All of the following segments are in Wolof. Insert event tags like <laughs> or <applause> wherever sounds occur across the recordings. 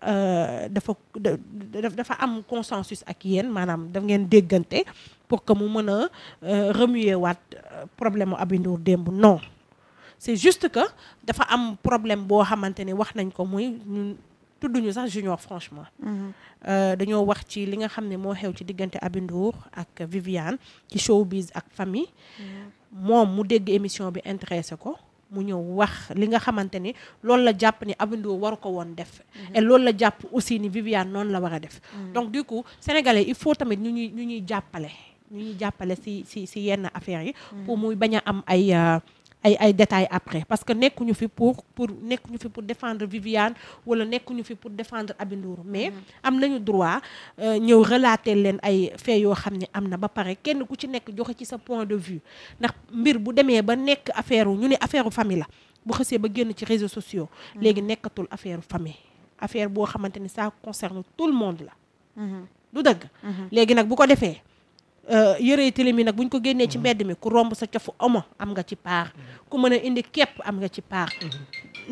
Euh, dafa dafa am consensus ak yéen maanaam da ngeen déggante pour que mu mën a euh, remuer waat euh, problème mu abindoor démb non c'est juste que dafa am problème boo xamante ne wax nañ ko muy ñun tudduñu sax junior franchement mhm. dañoo wax ci li nga xam ne moo xew ci diggante abindoor ak Viviane ci showbiz ak famille mhm. moom mu dégg émission bi intéressé ko mu ñëw wax li nga xamante ni loolu la jàpp ni Aby waru ko woon def mhm. et loolu la jàpp aussi ni Viviane noonu la war a def mhm. donc du coup sénégalais il faut tamit ñu ñuy ñuy jàppale ñu ñuy jàppale si si si yenn affaires yi mhm. pour muy bañ a am ay euh, ay ay détails après parce que nekkuñu fi pour pour nekkuñu fi pour défendre Viviane wala nekkuñu fi pour défendre Aby mais mm-hmm. am nañu droit euh, ñëw relater leen ay faits yoo xam ne am na ba pare kenn ku ci nekk joxe ci sa point de vue ndax mbir bu demee ba nekk affaire wu ñu ne affaire famille la bu xësee ba génn ci réseaux sociaux mm-hmm. léegi nekkatul affaire famille affaire boo xamante ni ça concerne tout le monde la mm-hmm. du dëgg léegi nag bu ko defee Euh, yëre yi tilim yi nag bu ñu ko génnee ci mbedd mi ku romb sa cofu omo am nga ci paar ku mën a indi képp am nga ci paar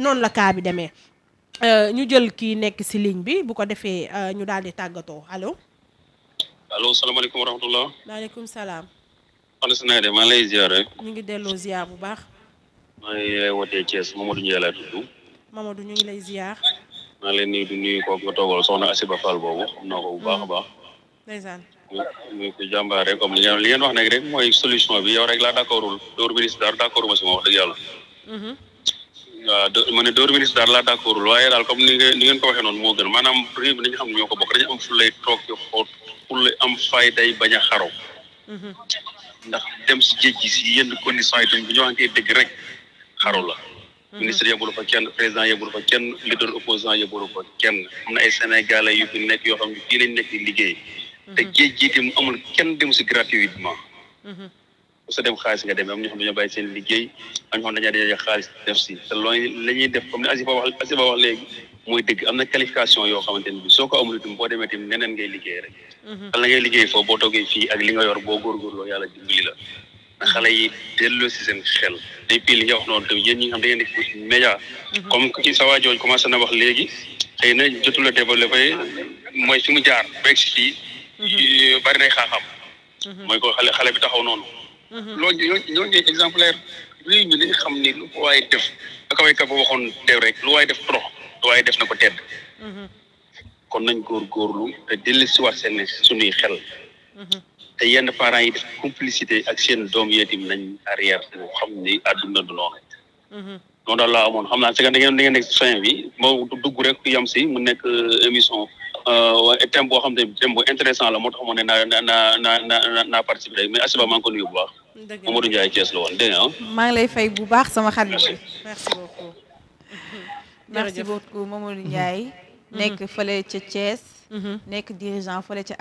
noonu la kaa bi demee euh, ñu jël kii nekk si ligne bi bu ko defee euh, ñu daal di tàggatoo allo. allo salaamaaleykum wa rahmatulah. maaleykum salaam. Fane Sinaare maa ngi lay ziar rek. ngi delloo ziar bu baax. maa ngi lay wootee moom Mamadou Ndiaye laa ñu ngi lay ziar. maa ngi lay nuyu di nuyu nga toogal soxna Asiba Fall boobu xam ko bu baax a mm. ñu ko jàmbaare comme li ngeen li ngeen wax nag rek mooy solution bi yo rek laa d'accordul dóor ministre daal d'accorduma ma wax dëgg yàlla mhm. d ma ne dóor ministre daal laa d'accordul waaye daal comme ni ngeen ni ngeen ko waxee noonu moo gën maanaam réew mi ni xam ne ñoo bokk dañu am fulay toog ci xoot fulay am fay day bañ a xaraw mhm. ndax dem si géej gi si yenn conditions yi tamit bu ñu waxantee dëgg rek xaru la mhm. ministre yebulu fa kenn président yebulu fa kenn leader opposant yebulu fa kenn am na ay yu fi nekk yoo xam ne nekk liggéey te géej gi itam amul kenn dem si gratuitement. bu sa dem xaalis nga demee am ñoo xam ne dañoo bàyyi seen liggéey am ñoo xam ne dañoo daje xaalis def si te loolu ni Asifa wax Asifa wax léegi mooy dëgg am na qualification yoo xamante ne bi soo ko amul itam boo demee itam neneen ngay liggéey rek. xale mhm. ngay liggéey foofu boo toogee fii ak li nga yor boo góorgóorloo yàlla dimbali la na xale yi delloo si seen xel. et li nga wax noonu tamit yéen ñi nga xam da ngeen di média. Mhm. comme ki sa waa jooju na wax léegi a bari nay xaaxam mhm. mooy ko xale xale bi taxaw noonu mhm. loolu ñooñu ñooy exemplaire réew mi dañu xam ni lu ko waaye def aka waykat lu waaye def na ko tedd mhm. kon nañ góorgóorlu te dellusiwaat seen suñuy xel te yenn parents yi def complicité ak seen doom yeetim nañ arrière bu xam ni àdduna du noonu noonu laa amoon xam naa c'est que da ngeen da fin bi moo dugg rek yam si mu nekk euh, émission Euh, thème boo xam ne thème bu intéressant la moo tax mu ne naa naa naa naa naa maa ngi ko nuyu bu baax. dëgg la Mamadou Ndiaye Thiès la woon dégg nga maa ngi lay fay bu baax sama xarit. merci beaucoup. <laughs> merci beaucoup Mamadou mhm. Ndiaye. Mhm. nekk fële ca Thiès. Mhm. nekk dirigeant fële ca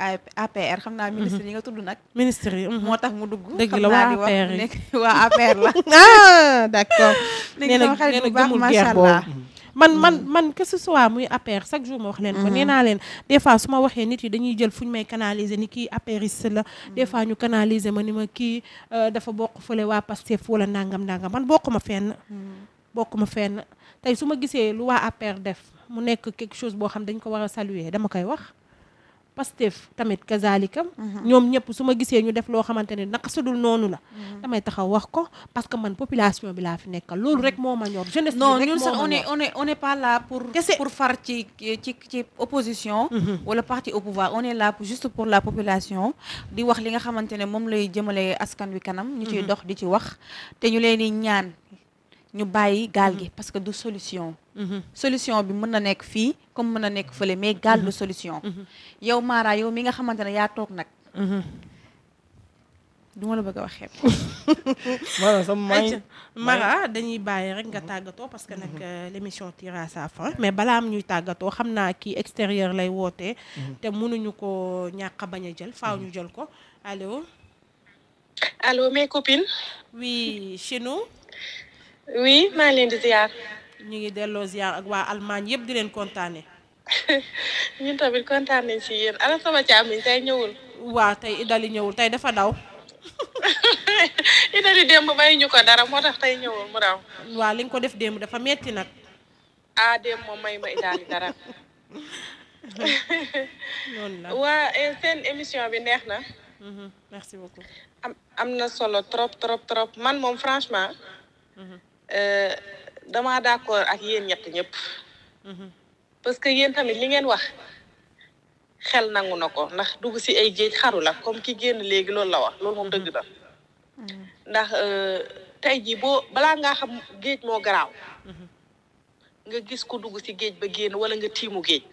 APR xam naa ministre yi nga tudd nag. ministre yi moo tax mu dugg. dëgg la waa APR yi nekk waa APR la. <laughs> ah d' accord. nee na gëmul guerre boobu man man mm. man que ce muy APR chaque jour ma wax leen ko mm-hmm. nee leen des su ma waxee nit yi dañuy jël fu ñu may canaliser ni kii apériste la mm-hmm. des fois ñu canaliser ma ni ma kii euh, dafa bokk fële waa Pastef wala nangam nangam man bokk ma fenn mm-hmm. bokk ma fenn tey su ma gisee lu waa APR def mu nekk quelque chose boo xam dañ ko war a saluer dama koy wax Pastef tamit kazalika mhm. ñoom ñëpp su ma gisee ñu def loo xamante ne naka sudul noonu la mhm. damay taxaw wax ko parce que man population bi laa fi nekkal loolu rek moo ma ñor jeunesse non ñun sax on est on est on est pas là pour far ci ci opposition mhm. wala parti au pouvoir on est juste pour la population di wax li nga xamante ne moom lay jëmale askan wi kanam ñu ciy dox di ci wax te ñu leen di ñaan ñu bàyyi gaal gi parce que du solution solution bi mën na nekk fii comme mën na nekk fële mais gàllu solution. Mhm. yow Mara yow mi nga xamante ne yaa toog nag. Mhm. duma la bëgg a wax xeeb. <laughs> Mara sama may Mara dañuy bàyyi rek nga mhm. tàggatoo parce que nag euh, l' émission tire à fin mais balaa am ñuy tàggatoo xam naa kii extérieur lay wootee. te mënuñu ko ñàkk bañ a jël faw ñu jël ko allo. allo mes copines. oui chez nous. maa leen di ziar. ñu ngi delloo ziar ak waa Allemagne yëpp di leen kontaane <laughs> ñun tamit kontaan nañ si yéen ala sama càmmiñ tey ñëwul. waa tey idali ñëwul tey dafa daw. <laughs> idali démb may ñu ko dara moo tax tey ñëwul mu daw. waa li nga ko def démb dafa metti nag. ah démb moom may ma dara. <laughs> noonu la waa eh, seen émission bi neex na. Mhm, merci beaucoup. am am na solo trop trop trop man moom franchement. Mhm. Euh, damaa d'accord ak yéen ñett ñëpp. Mhm. parce que yéen tamit li ngeen wax xel nangu na ko ndax dugg si ay géej xarula comme ki génn léegi loolu la wax loolu moom dëgg la. Mhm. ndax euh, tey jii boo balaa nga xam géej moo garaaw. Mhm. nga gis ko dugg si géej ba génn wala nga tiimu géej.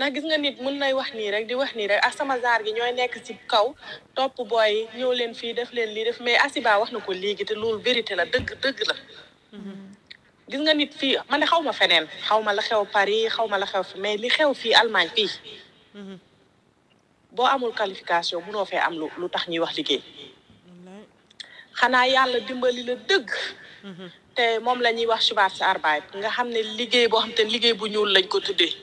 ndax gis nga nit mun nay wax nii rek di wax nii rek ak ah, sama zaar gi ñooy nekk ci kaw topp booy ñëw leen fii def leen lii def mais Asiba wax na ko léegi te loolu vérité la dëgg dëgg la. gis nga nit fii man de xaw ma feneen xaw ma la xew Paris xaw ma la xew fi mais li xew fii Allemagne fii. boo amul qualification noo fee am lu lu tax ñuy wax liggéey. xanaa yàlla dimbali la dëgg. te moom la ñuy wax Schwarzarbeit nga xam ne liggéey boo xam te liggéey bu ñuul lañ ko tuddee.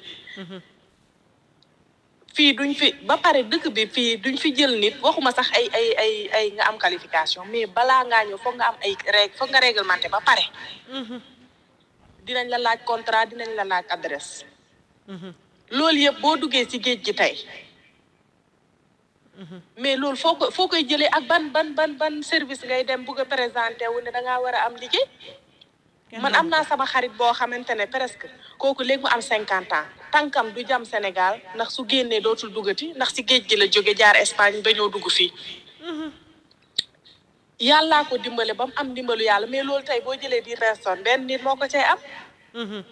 fii duñ fi ba pare dëkk bi fii duñ fi jël nit waxuma sax ay ay ay ay nga am qualification mais balaa ngaa ñëw foog nga am ay reg foog nga réglementé ba pare. Mhm. dinañ la laaj contrat dinañ la laaj adresse. Mhm. loolu yëpp boo duggee ci géej gi tey. Mhm. mais loolu foo ko foo koy jëlee ak ban ban ban ban service ngay dem bugg a présenté wu ne da ngaa war a am liggéey. man am naa sama xarit boo xamante ne presque kooku léegi mu am cinquante ans. tànkam du jam Sénégal ndax su génnee dootul duggati ndax si géej gi la jóge jaar Espagne dañoo dugg fii mhm. yàllaa ko dimbale ba mu am dimbalu yàlla mais loolu tey boo jëlee di personne benn nit moo ko cay am mhm.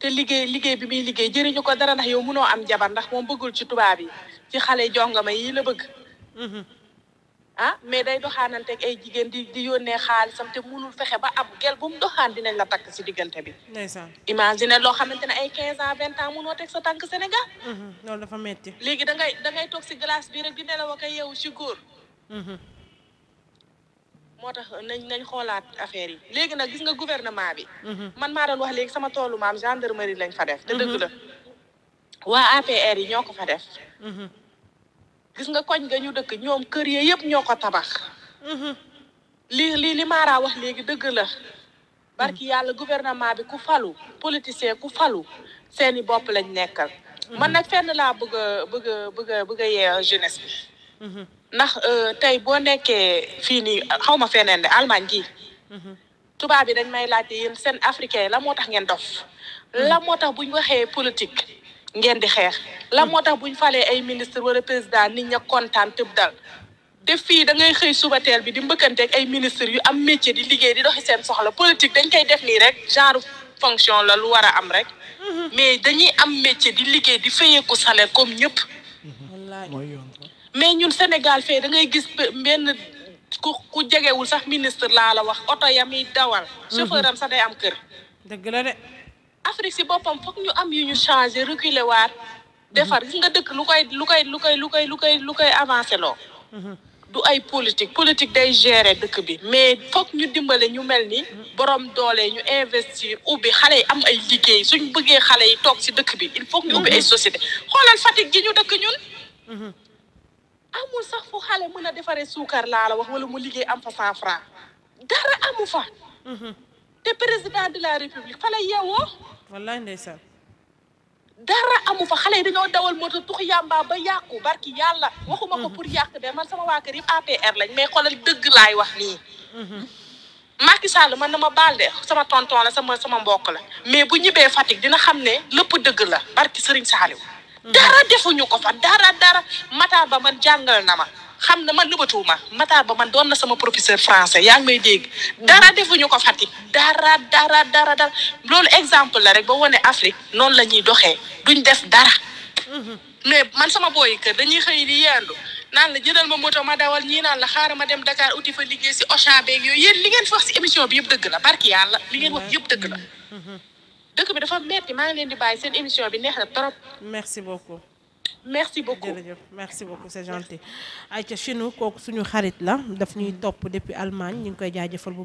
te liggéey liggéey bi muy liggéey jëriñu ko dara ndax yow mënoo am jabar ndax moom bëggul ci tubaab yi ci xale jongama yi la bëgg mhm. ah mais day teg ay jigéen di di yónnee xaalisam te munul fexe ba ab gel bu mu doxaan dinañ la takk si diggante bi. ndeysaan imagine loo xamante ne ay 15 ans 20 ans munoo teg sa tànk Sénégal. Mm-hmm. loolu dafa metti léegi dangay ngay toog si glace bi rek di nelaw ak yeewu si góor. Mm-hmm. moo tax nañ nañ xoolaat affaire yi léegi nag gis nga gouvernement bi. Mm-hmm. man maa doon wax léegi sama toolu maam gendarmerie lañ fa def. te dëgg la waa APR yi ñoo ko fa def. gis nga koñ nga ñu dëkk ñoom kër yee yëpp ñoo ko tabax mm-hmm. li li li Mara wax léegi dëgg la barki yàlla gouvernement bi ku falu politicien ku falu seeni bopp lañ nekkal mm-hmm. man nag fenn laa bëgg a bëgg a bëgg bëgg a yee jeunesse bi mm-hmm. ndax euh, tey boo nekkee fii nii xaw ma feneen de Allemagne gii tubaab bi dañ may laajte yéen seen africain la moo tax ngeen dof la moo tax buñ waxee politique ngeen di xeex lan moo tax buñ falee ay ministre wala président nit ña kontaan tëb dal def fii da ngay xëy suba teel bi di mbëkkanteeg ay ministre yu am métier di liggéey di doxi seen soxla politique dañ koy def nii rek genre fonction la lu war a am rek mais dañuy am métier di liggéey di fayeeku salaire comme ñëpp mais ñun Sénégal fee da ngay gis benn ku ku jegewul sax ministre laa la wax oto yam muy dawal mhm. chauffeur am sax day am kër dëgg la de Afrique si boppam foog ñu am yu ñu changé reculer waat defar gis nga dëkk lu koy lu koy lu koy lu koy lu koy lu koy avancé loo du ay politique politique day gérer dëkk bi mais foog ñu dimbale ñu mel ni borom doole ñu investir ubbi xale yi am ay liggéey suñ bëggee xale yi toog si dëkk bi il foog ñu ubbi ay mhm. société xoolal Fatick gi ñu dëkk ñun mhm. amul sax fu xale mën a defaree suukar laa la wax wala mu liggéey am fa cent franc dara amu fa mhm. te président de la république wallaay ndeysaan dara amu fa xale yi dañoo dawal moto tux yàmbaa ba yàqu barki yàlla waxuma ko mhm. pour yàq de man sama waa kër yëpp APR lañ mais xoolal dëgg laay wax nii mhm. Macky Sall man na ma baal de sama tonton la sama sama mbokk la mais bu ñibbee Fatick dina xam ne lépp dëgg la barki Serigne Saliou mhm. dara defuñu ko fa dara dara mataa Ba man jàngal na ma xam na man nëbatuwuma Matar Ba man doon na sama professeur français yaa ngi may dégg dara ñu ko Fatick dara dara dara dara loolu exemple la rek ba wane Afrique noonu la ñuy doxee duñ def dara. mais man sama booyi kër dañuy xëy di yendu naan la jëndal ma moto ma dawal ñii naan la xaaral ma dem Dakar uti fa liggéey si Ocha beeg yooyu yéen li ngeen fi si émission bi yëpp dëgg la barki yàlla li ngeen wax yëpp dëgg la. dëkk bi dafa metti maa ngi leen di bàyyi seen émission bi neex na trop. merci beaucoup. merci beaucoup jërëjëf merci beaucoup c'est gentil. ayca chez nous suñu xarit la daf ñuy topp depuis Allemagne ñu ngi koy jaajëfal bu baax.